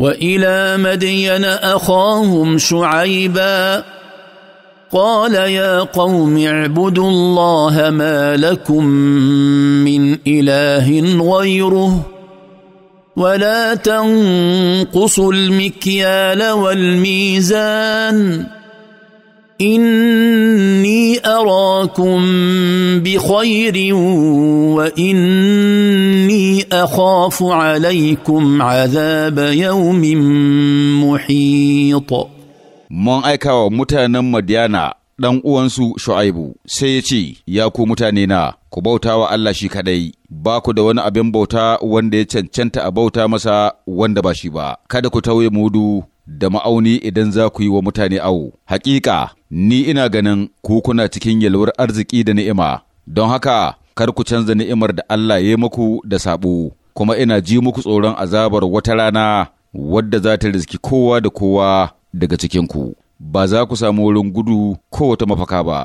والى مدين اخاهم شعيبا قال يا قوم اعبدوا الله ما لكم من اله غيره ولا تنقصوا المكيال والميزان اني اراكم بخير واني اخاف عليكم عذاب يوم محيط mun aika wa mutanen Madiyana ɗan uwansu Shu'aibu sai ya ce, Ya ku mutane na, ku bauta wa Allah shi kaɗai, ba ku da wani abin bauta wanda ya cancanta a bauta masa wanda ba shi ba, kada ku tauye mudu da ma'auni idan za ku yi wa mutane awo. Hakika, ni ina ganin ku kuna cikin yalwar arziki da ni'ima, don haka kar ku canza ni'imar da Allah ya muku da saɓo, kuma ina ji muku tsoron azabar wata rana wadda za ta riski kowa da kowa daga cikinku, ba za ku samu wurin gudu ko wata mafaka ba.